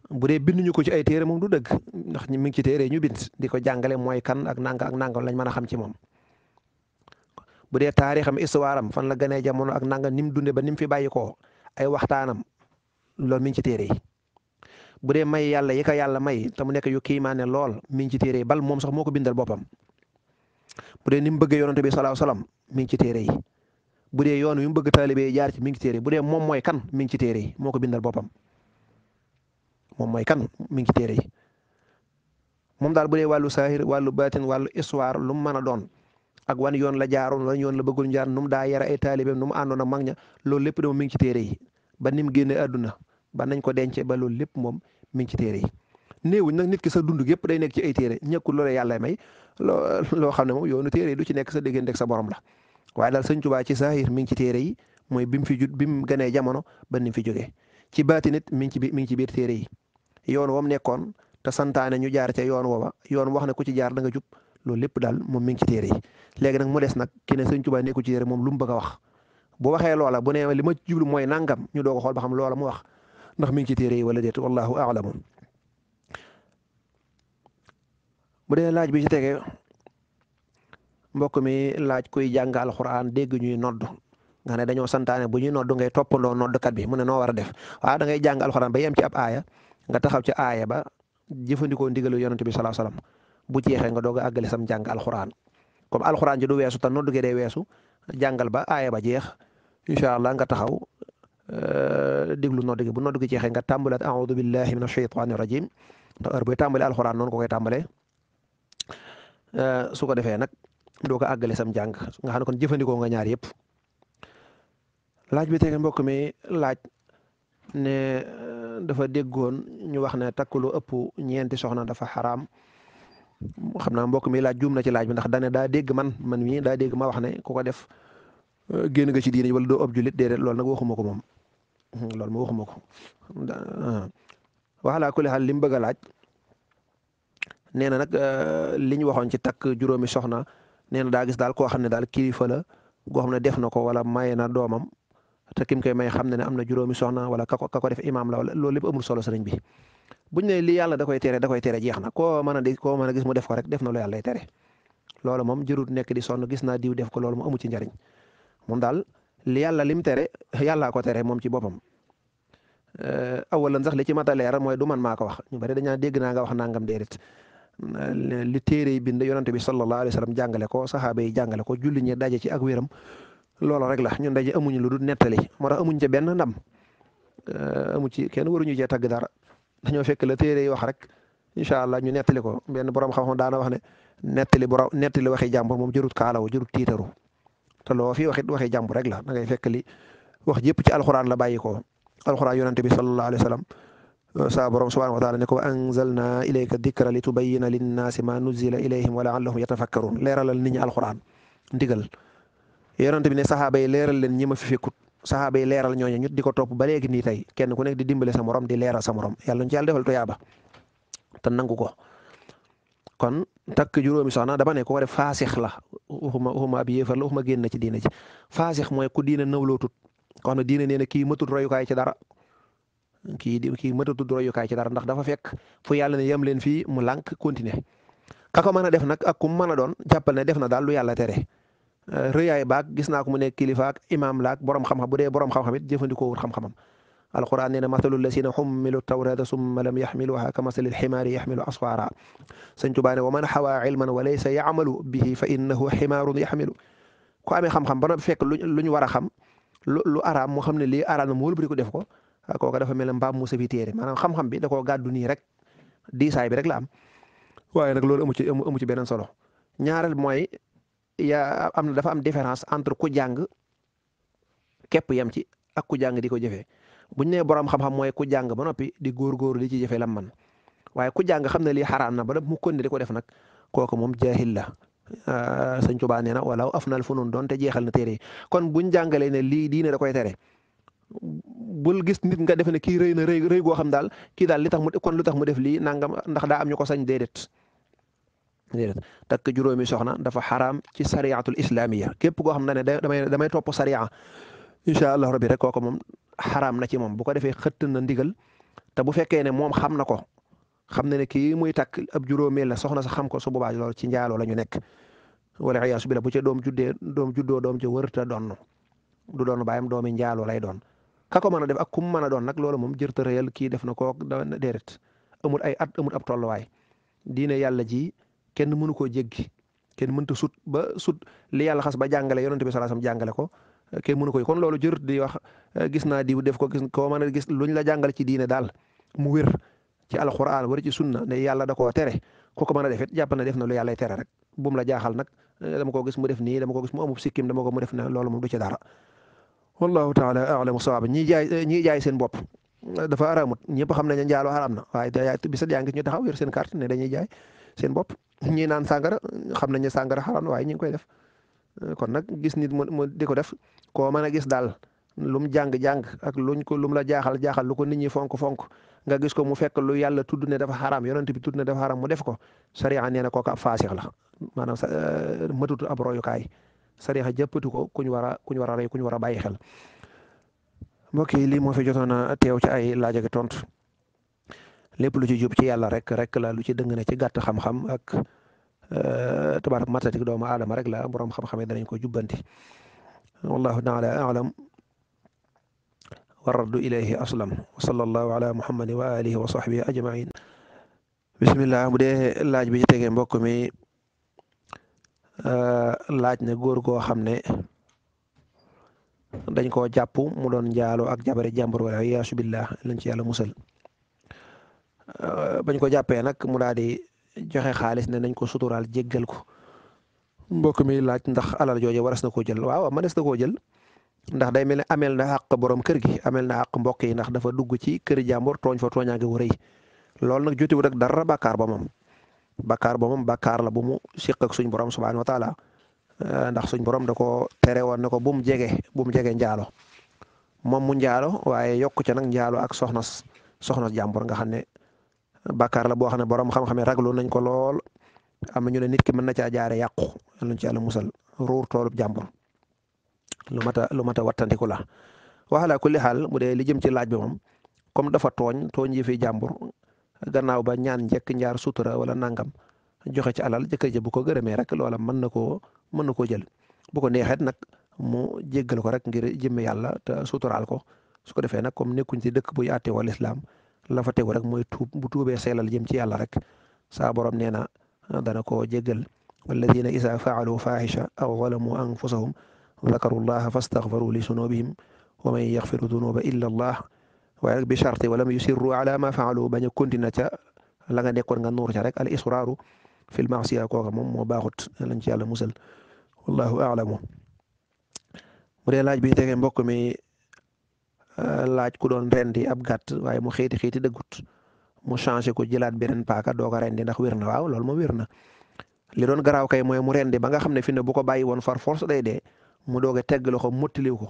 bu dee ñu ko ci ay téere moom du dëgg ndax mi ngi ci teere ñu bind di ko jàngale mooy kan ak nangam ak nangam lañ mën a xam ci moom. bu dee taarixam histoire am fan la ganee jamono ak nanga ni mu dundee ba ni fi bàyyi koo ay waxtaanam loolu mi ngi ci téere yi bu dee may yàlla yi yàlla may te mu nekk yu kiimaane lool mi ngi ci téere yi bal moom sax moo ko bindal boppam bu dee ni mu bëggee yonante bi salaahu salaam mi ngi ci téere yi bu dee yoon wi mu bëgg taalibe yi jaar ci mi ngi ci téere yi bu dee moom mooy kan mi ngi ci téere yi moo ko bindal boppam moom mooy kan mi ngi ci téere daal bu dee wàllu saahir wàllu baatin wàllu histoire lu mu mën a doon ak wan yoon la jaaroon wan yoon la bëggul jaar num mu daa yara ay taalibeem nu mu àndoon ak mag ña loolu lépp dama mi ngi ci téere ni mu génnee àdduna ba nañ ko dencee ba loolu lépp moom mi ngi ci téere yi néewuñ nag nit ki sa dund yëpp day nekk ci ay téere ñëkkul loolee yàlla may loo loo xam ne moom yoonu téere yi du ci nekk sa diggante ak sa borom la waaye daal sëñ Tuubaa ci saahir mi ngi ci téere yi mooy bi mu fi jut bi mu gënee jamono ba ni mu fi jógee ci baati nit mi ngi ci mi ngi ci biir téere yi yoon wam nekkoon te santaane ñu jaar ca yoon woowa yoon wax ne ku ci jaar da jub loolu lépp daal moom mi ngi ci téere yi léegi nag mu des nag ki ne sëñ Tuubaa nekku ci téere moom lu mu bëgg wax boo waxee loola bu nee li ma jublu mooy nangam ñu doog a xool ba xam loola mu wax ndax mi ngi ci téere yi wala déet wallahu aalamu bu dee laaj bi ci tege mbokk mi laaj kuy jàng alxuraan dégg ñuy nodd nga ne dañoo santaane bu ñuy nodd ngay toppandoo noddkat bi mu ne noo war a def waaw ah, da ngay jàng alxuraan ba yem ci ab aaya nga taxaw ci aaya ba jëfandikoo ndigalu yonent bi salaa salaam bu jeexee nga doog a àggale sam njàng alxuraan comme alxuraan ji du weesu te noddu gi day weesu jàngal ba aaya ba jeex incha allah nga taxaw euh, déglu noddu gi bu noddu gi jeexee nga tàmbalaat aoudu billahi min ashaytaani rajim ndax heure booy tàmbale alxuraan noonu ko koy tàmbalee euh, su ko defee nag doo ko àggale sam njàng nga xam ne kon jëfandikoo nga ñaar yëpp laaj bi tege mbokk mi laaj ne euh, dafa déggoon ñu wax ne takk ëpp ñeenti soxna dafa xaraam. xam naa mbokk mi laaj juum na ci laaj mi ndax dane daa dégg man man mii daa dégg ma wax ne ku ko def euh, génn nga ci diine wala doo ab jullit déedéet loolu nag waxuma ko moom hmm, loolu moo waxuma ko ah. waxalaa kulli xaal li mu bëgg laaj nee na nag euh, li ñu waxoon ci takk juróomi soxna nee na daa gis daal koo xam ne daal kilifa la goo xam ne def na ko wala maye na doomam te kim koy may xam ne ne am na juróomi soxna wala ka ko def imaam la wala loolu lépp amul solo sëriñ bi buñ ne li yàlla da koy tere da koy tere jeex na koo mën a di koo mën a gis mu def ko rek def na lu yàlla lay tere loolu moom jërut nekk di sonn gis naa diw def ko loolu mu amu moom daal li yàlla lim tere yàllaa ko tere moom ci boppam euh, awalan sax li ci mat a leer mooy du man maa ko wax ñu bari dañaa dégg naa nga wax nangam déedéet euh, li téere yi bind yonante bi sallallahu alayhi wa sallam jàngale ko saxaaba yi jàngale ko julli ñi daje ci ak wéram loolu rek la ñun daje amuñu lu dul nettali moo amuñ ca benn ndam euh, amu ci kenn waruñu cee tagg dara dañoo fekk la téere yi wax rek incha allah ñu nettali ko benn borom xam-xam daana wax ne nettali borom nettali waxi jàmbur moom jërut kaalaw jërut tiitaru te loo fi waxit waxi jàmbur rek la da ngay fekk wax jëpp ci alxuraan la bàyyi ko alxuraan yonante bi sallallahu alayhi wa sallam saa borom subhanahu wa taala ne ko wa anzalna ilayka dikra li tubayina linnaasi ma nuzila ilayhim wa laallahum yatafakkarun leeralal nit ñi alxuraan ndigal yonante bi ne saxaaba yi leeral leen ñi ma fi saxaaba yi leeral ñooñu ñut di ko topp ba léegi nii tey kenn ku nekk di dimbale sa morom di leeral samorom morom yàlla ñu ci yàlla defal tuyaaba nangu ko kon takk juróomi soxna dama ne ko def faasix la waxuma waxuma ab yéefar la waxuma génn ci diina ci faasix mooy ku diina nawlootut koo xam ne diina nee kii matut royukaay ci dara kii di kii matutut royukaay ci dara ndax dafa fekk fu yàlla ne yem leen fii mu lànk continuer ka ko mën a def nag ak ku mën a doon jàppal ne def na daal lu yàlla tere rëyaay baag gis naa ko mu nekk kilifa ak imaam laak borom xam-xam bu dee borom xam-xam it jëfandikoo wut xam-xamam alquran nee na masalul lazina xummilu tawrata summa lam yaxmiluha ka masalil ximaari yaxmilu asfaara sëñ Tuubaa wa man xawaa ilman fa innahu ximaarun yaxmilu ku amee ba na fekk lu lu ñu war a xam lu lu araam mu xam ne lii araam na mu wëlbati ko def ko ah kooka dafa mel ne mbaam mu sëfi téere maanaam xam-xam bi da koo gàddu nii rek diisaay bi rek la am waaye nag loolu amu ci amu ci beneen solo ñaareel mooy yaa am na dafa am différence entre ku jàng képp yam ci ak ku jàng di ko jëfee bu nee borom xam-xam mooy ku jàng ba noppi di góorgóorlu di ci jëfee lam man waaye ku jàng xam ne lii xaraam na ba mu kon di ko def nag kooku moom jaahil la ah, sëñ Tuubaa nee na wala af nal funun doon te jeexal na téere kon buñ jàngalee ne lii diine da koy tere bul gis nit nga defe ne kii rëy na rëy rëy goo xam daal kii daal li tax mu kon lu tax mu def lii nangam ndax daa am ñu ko sañ déedéet takk juróomi soxna dafa xaraam ci sariatul islamiya képp koo xam ne ne damay damay topp sariya incha allah rabbi rek kooku moom xaraam na ci moom bu ko defee xëtt na ndigal te bu fekkee ne moom xam na ko xam na ne kii muy takk ab juróomeel la soxna sa xam ko su boobaa loolu ci njaaloo la ñu nekk wala iyaasu bi la bu ca doom juddee doom juddoo doom ca wërta doon du doon bàyyam doomi njaaloo lay doon ka mën a def ak kum mën doon nag loolu moom jërta réyal kii def na kook da déedéet amul ay at amul tolluwaay kenn mënu koo jéggi kenn ta sut ba sut li yàlla xas ba jàngale yonent bi salaasam jàngale ko kenn mënu ko kon loolu jërët di wax eh, gis naa diw def ko gis koo mën a gis luñ la jàngale ci diine daal mu wér ci alxuraan wala ci sunna ne yàlla da koo tere ku ko a def it jàpp na lu yàllay tere rek bum la jaaxal nag eh, dama ko gis mu def nii dama ko gis mu amub sikkim dama ko mu def na loolu moom du ci dara jaay eh, ñi jaay seen bopp dafa araamut ñëpp xam nañ na waaye bis yaa seen carte ne dañuy jaay seen bopp ñi naan sàngara xam nañ ne sàngara xaraam waaye ñu ngi koy def kon nag gis nit mu di ko def koo mën a gis daal lu mu jàng-jàng ak luñ ko lu la jaaxal jaaxal lu ko nit ñi fonk-fonk nga gis ko mu fekk lu yàlla tudd ne dafa xaraam yonent bi tudd ne dafa xaraam mu def ko sariya nee na kooku ab faasix la maanaam euh, matut ab royukaay sariya jëppatu ko kuñ war a kuñ war a rey kuñ war a bàyyi xel mbokk yi lii moo fi jotoon a teew ci ay laajo ak tontu lépp lu ci jub ci yàlla rek rek la lu ci dëng na ci gàtt xam-xam ak euh, tabarak matatik doomu aadama rek la borom xam-xame danañ ko jubbanti wallahu taala alam wa raddu ilayhi aslam wa sallallahu ala muhammadin wa alihi wa sahbihi ajmain bismillah bu dee laaj bi ci tege mbokk mi euh, laaj ne góor goo xam ne dañ koo jàpp mu doon njaalo ak jabari jàmbur wala yaasu billah lañ ci yàlla musal Euh, bañ ko jàppee nag mu daal di joxe xaalis ne nañ ko suturaal jéggal ko mbokk mi laaj ndax alal jooje waras na koo jël waaw manes na koo jël ndax day mel ne ameel na àq borom kër gi ameel na àq mbokk yi ndax dugg ci kër jàmbur tooñ fa tooñaange wu rëy loolu nag jotewut dara bàkkaar ba moom bàkkaar ba moom bàkkaar la bu mu siq suñ borom subhaanahu wa euh, ndax suñ borom da ko tere woon na ko bu mu jege bu mu jege njaalo moom mu njaalo waaye yokku ca nag njaalo ak soxnas soxnas jàmbur nga xam bàkkaar la boo xam ne borom xam-xam yi raglu nañ ko lool am na ñu ne nit ki mën na caa jaare yàqu luñ ci yàlla musal ruur toolub jàmbur lu mat a lu mat a wattandiku la waxalaa kulli xaal bu dee li jëm ci laaj bi moom comme dafa tooñ tooñ yi fi jàmbur gannaaw ba ñaan njekk njaar sutura wala nangam joxe ci alal jëkkër ja bu ko gërëmee rek loola mën na koo mën na koo jël bu ko neexee nag mu jéggal ko rek ngir jëmme yàlla te suturaal ko su ko defee nag comme nekkuñ ci dëkk buy àtte wal islam la fa tegu rek mooy tuub bu tuubee seelal jëm ci yàlla rek saa borom nee na ah, dana koo wala walladina isa faalu faahisha aw zalamu anfusahum dakaru llaha fastaghfaru li zunubihim wa man yaxfiru dunuba illa allah waaye rek bi charti walam ala ma faalu bañ a continuer ca la nga nekkoon nga nuur ca rek al israaru fil maasiya kooka moom moo baaxut lañ ci yàlla musal wallahu aalamu bu dee laaj bi tege mbokk mi Euh, laaj ku doon rendi ab gàtt waaye mu xiiti xiiti dëggut mu changé ko jëlaat beneen paaka doog a rendi ndax wér na waaw loolu moom wér na li doon garaaw kay mooy mu rendi ba nga xam ne fi ne bu ko bàyyi woon far force day de mu doog a tegg loxo mottaliw ko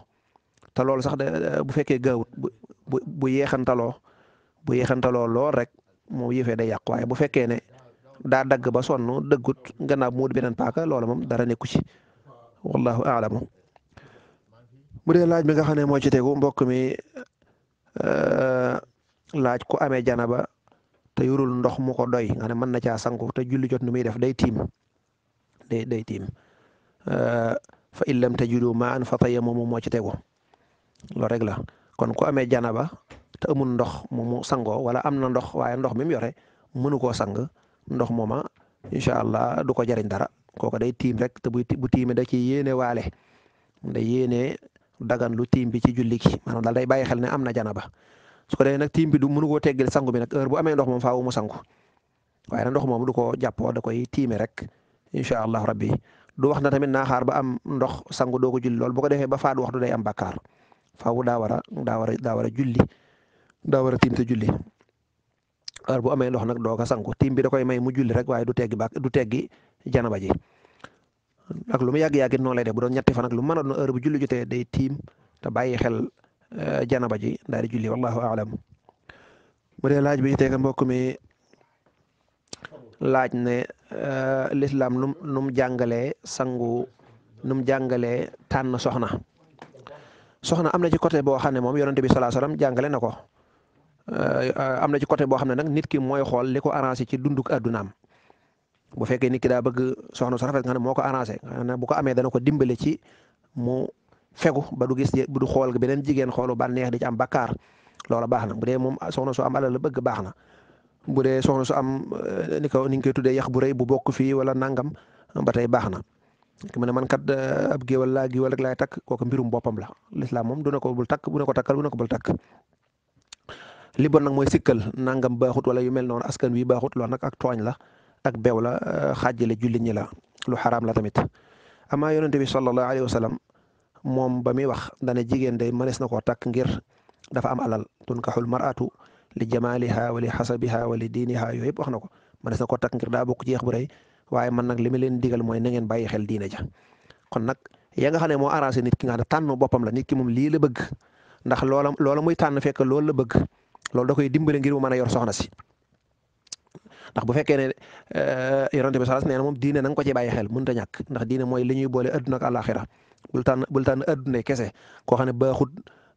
te loolu sax da euh, bu fekkee gaawut bu bu bu yeexantaloo bu yeexantaloo lool rek mu yëfee day yàqu waaye bu fekkee ne daa dagg ba sonn dëggut gannaaw mu wut beneen paaka lool moom dara nekku ci wallahu aalamu bu dee laaj bi nga xam ne moo ci tegu mbokk mi euh, laaj ku amee janaba te yorul ndox mu ko doy nga ne mën na caa sanku te julli jot nu muy def day tiim day day tiim euh, fa in lam tajidu ma an fa tayammamu moo ci tegu loolu rek la kon ku amee janaba te amul ndox mu mu sangoo wala am na ndox waaye ndox mi mu yore mënu koo sang ndox mooma incha allah du ko jariñ dara kooka day tiim rek te bu bu da ciy yéene waale day dagan lu tiim bi ci julli ki maanaam daal day bàyyi xel ne am na janaba su ko defee nag tiim bi du mënu koo teggil sangu bi nag heure bu amee ndox moom faawu sangu waaye nag ndox moom du ko jàppoo da koy tiime rek incha allah rabbi du wax na tamit naa xaar ba am ndox sangu doo ko julli lool bu ko defee ba faatu waxtu day am bakkaar faawu daa war a daa war a a julli daa war a tiim te julli heure bu amee dox nag doo ko sangu tiim bi da koy may mu julli rek waaye du teggi ba du teggi janaba ji ak lu mu yàgg-yàggit noonu lay def bu doon ñetti fan ak lu man a doon heure bu julli jotee day tiim te bàyyi xel euh, janaba ji daal di julli wallahu aalam mu dee laaj bi tey mbokk mi laaj ne euh, lislaam num nu mu jàngalee sangu nu mu jàngalee tànn soxna soxna am na ci côté boo xam ne moom yonente bi salaa salaam jàngale na ko euh, am na ci côté boo xam ne nag nit ki mooy xool li ko arrangé ci dunduk addunaam bu fekkee nit daa bëgg soxna su rafet nga xam ne moo ko arrangé xam ne bu ko amee dana ko dimbale ci mu fegu ba du gis du xool beneen jigéen xoolu bànneex di ci am bakkaar loola baax na bu dee soxna so am alal la bëgg baax na bu dee soxna su am eh, ni ko ni ñu koy tuddee yax bu rëy bu bokk fii wala nangam ba tey baax na ki mu ne man kat eh, ab géwal laa géwal rek laay takk kooku mbirum boppam la lislaam moom du ne ko bul takk bu ne ko takkal bu ne ko bul takk li bon nag mooy sikkal nangam baaxut wala yu mel noonu askan wi baaxut loolu nag ak tooñ la tak beew la euh, xaajale jullit ñi la lu xaraam la tamit amaa yonente bi sallallahu alayhi wa sallam moom ba muy wax dana jigéen day mënees na koo takk ngir dafa am alal tunkaxul mar'atu li xa wa li xasabiha wa li diiniha yooyu yëpp wax na ko mënees na koo takk ngir daa bokk jeex bu rëy waaye man nag li ma leen digal mooy na ngeen bàyyi xel diina ja kon nag ya nga xam ne moo arrangé nit ki nga xam ne tànn boppam la nit ki moom lii la bëgg ndax loola loola muy tànn fekk loolu la bëgg loolu da koy dimbale ngir mën a yor soxna si ndax bu fekkee ne euh, yonent bi saas nee na moom diina na ko ci bàyyi xel mënut a ñàkk ndax diine mooy li ñuy boole adduna ak àllaaxira bul tànn bul tànn adduna kese koo xam ne baaxut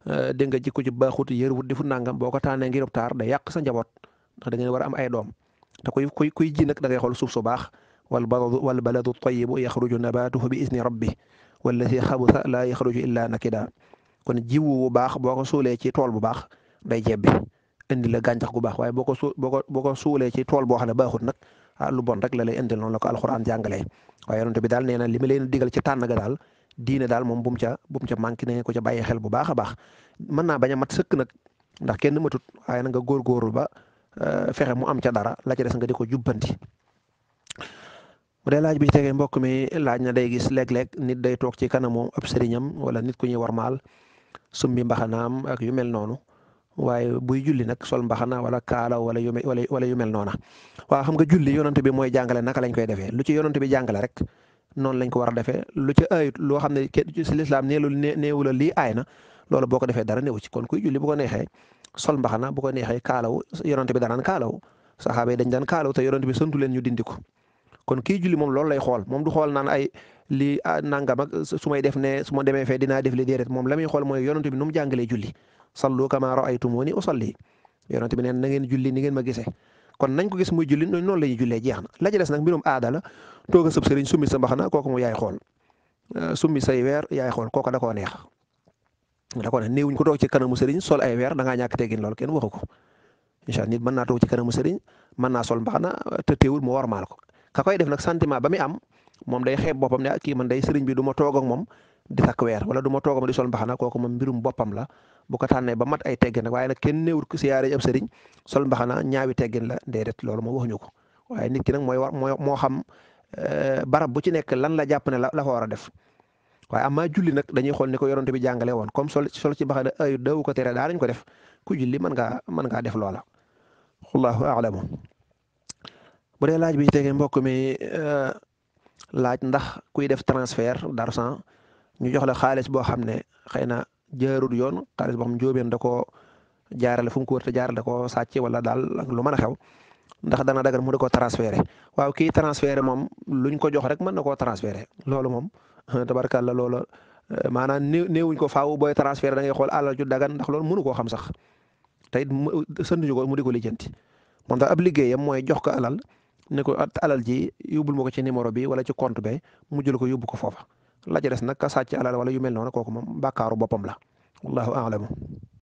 euh, dégg nga jikko ci baaxut yërwut di fu nangam boo ko tànnee ngir taar day yàq sa njaboot ndax da ngeen war am ay doom te koy kuy kuy ji nag da ngay xool suuf su baax wal baladu wal baladu tayyibu yaxruju nabaatuhu bi isni rabbi walladi sa laa yaxruju illaa nakida kon jiwu bu baax boo ko suulee ci tool bu baax day jebbi indi la gàncax gu baax waaye boo ko su ko boo ko suulee ci tool boo xam ne baaxut nag ah lu bon rek la lay indil noonu la ko alxuraan jàngalee waaye yonent bi daal nee na li ma leen digal ci tànn ga daal diine daal moom bu mu ca bu mu ca manqué ne ko ca bàyyi xel bu baax a baax mën naa bañ a mat sëkk nag ndax kenn matut waaye na nga góorgóorlu ba euh, fexe mu am ca dara la ca des nga di ko jubbanti. mu dee laaj bi ci tegee mbokk mi laaj na day gis léeg-léeg nit day toog ci kanamu ab sëriñam wala nit ku ñuy warmaal sumbi mbaxanaam ak yu mel noonu. waaye buy julli nag sol mbaxana wala kaala wala yu mel wala yu mel noona waaw xam nga julli yonante bi mooy jàngale naka lañ koy defee lu ci yonante bi jàngale rek noon lañ ko war a lu loo xam ne kenn ci lislaam neelul neewula lii aay na loolu boo ko defee dara newu ci kon kuy julli ko neexee sol mbaxana bu ko neexee kaalaw yonante bi danaan kaalaw saxaaba yi dañ daan kaalaw te yonante bi santu leen ñu dindi ko kon kii julli moom lool lay xool moom du xool naan ay li ah, nangam ak su may def ne su ma demee fee dinaa def li déedéet moom la muy xool mooy yonante bi nu mu jàngalee julli sol ay sallu kama raaytumuni usalli yonent bi neen na ngeen julli ni ngeen ma gisee kon nañ ko gis muy julli noon la ñuy jullee jeex na la ci des nag mbirum aada la toog a sëb sëriñ sa mbaxana kooku mu yaay xool euh, summi say weer yaay xool kooku da koo neex da koo neex néewuñ ko toog ci kanamu sëriñ sol ay weer da ngaa ñàkk teggin lool kenn waxu ko incha nit mën naa toog ci kanamu sëriñ mën naa sol mbaxana te teewul mu warmaal ko ka koy def nag sentiment ba muy am moom day xeeb boppam ne ah, kii man day sëriñ bi du ma toog ak moom di takk weer wala du ma toog di sol mbaxana kooku moom mbirum boppam la bu ko tànnee ba mat ay teggin nag waaye nag kenn néewut ku siyaare ab sëriñ sol mbaxana ñaawi teggin la déedéet loolu moom waxuñu ko waaye nit ki nag mooy war mooy moo xam eh, barab bu ci nekk lan la jàpp ne la la fa war a def waaye amaa julli nag dañuy xool ni ko yonent bi jàngalee woon comme sol sol ci mbaxana ay daw ko tere daa nañ ko def ku julli mën ngaa mën ngaa def loola wallahu a'lamu bu dee laaj bi ci tegee mbokk mi eh, laaj ndax kuy def dar san ñu jox la xaalis boo xam ne xëy na jaarul yoon xaalis boo xam njóobeen da koo jaarale fu mu ko wër te jaarale da koo sàcc wala daal lu mën a xew ndax dana dagan mun da koo transféré waaw kii transféré moom luñ ko jox rek mën na koo transféré loolu moom tabarkàlla loola eh, maanaam néew néewuñ ko faaw booy transféré da ngay xool alal ju dagan ndax loolu mënu koo xam sax te it sënduñu ko mu di ko lijjanti moom daal ab liggéeyam mooy jox ko alal ne ko alal ji yóbbul ma ko ci numéro bi wala ci compte be mu jël ko yóbbu ko foofa la ca des nag ka sàcc alal wala yu mel noonu kooku moom bàkkaaru boppam la wallahu a'lamu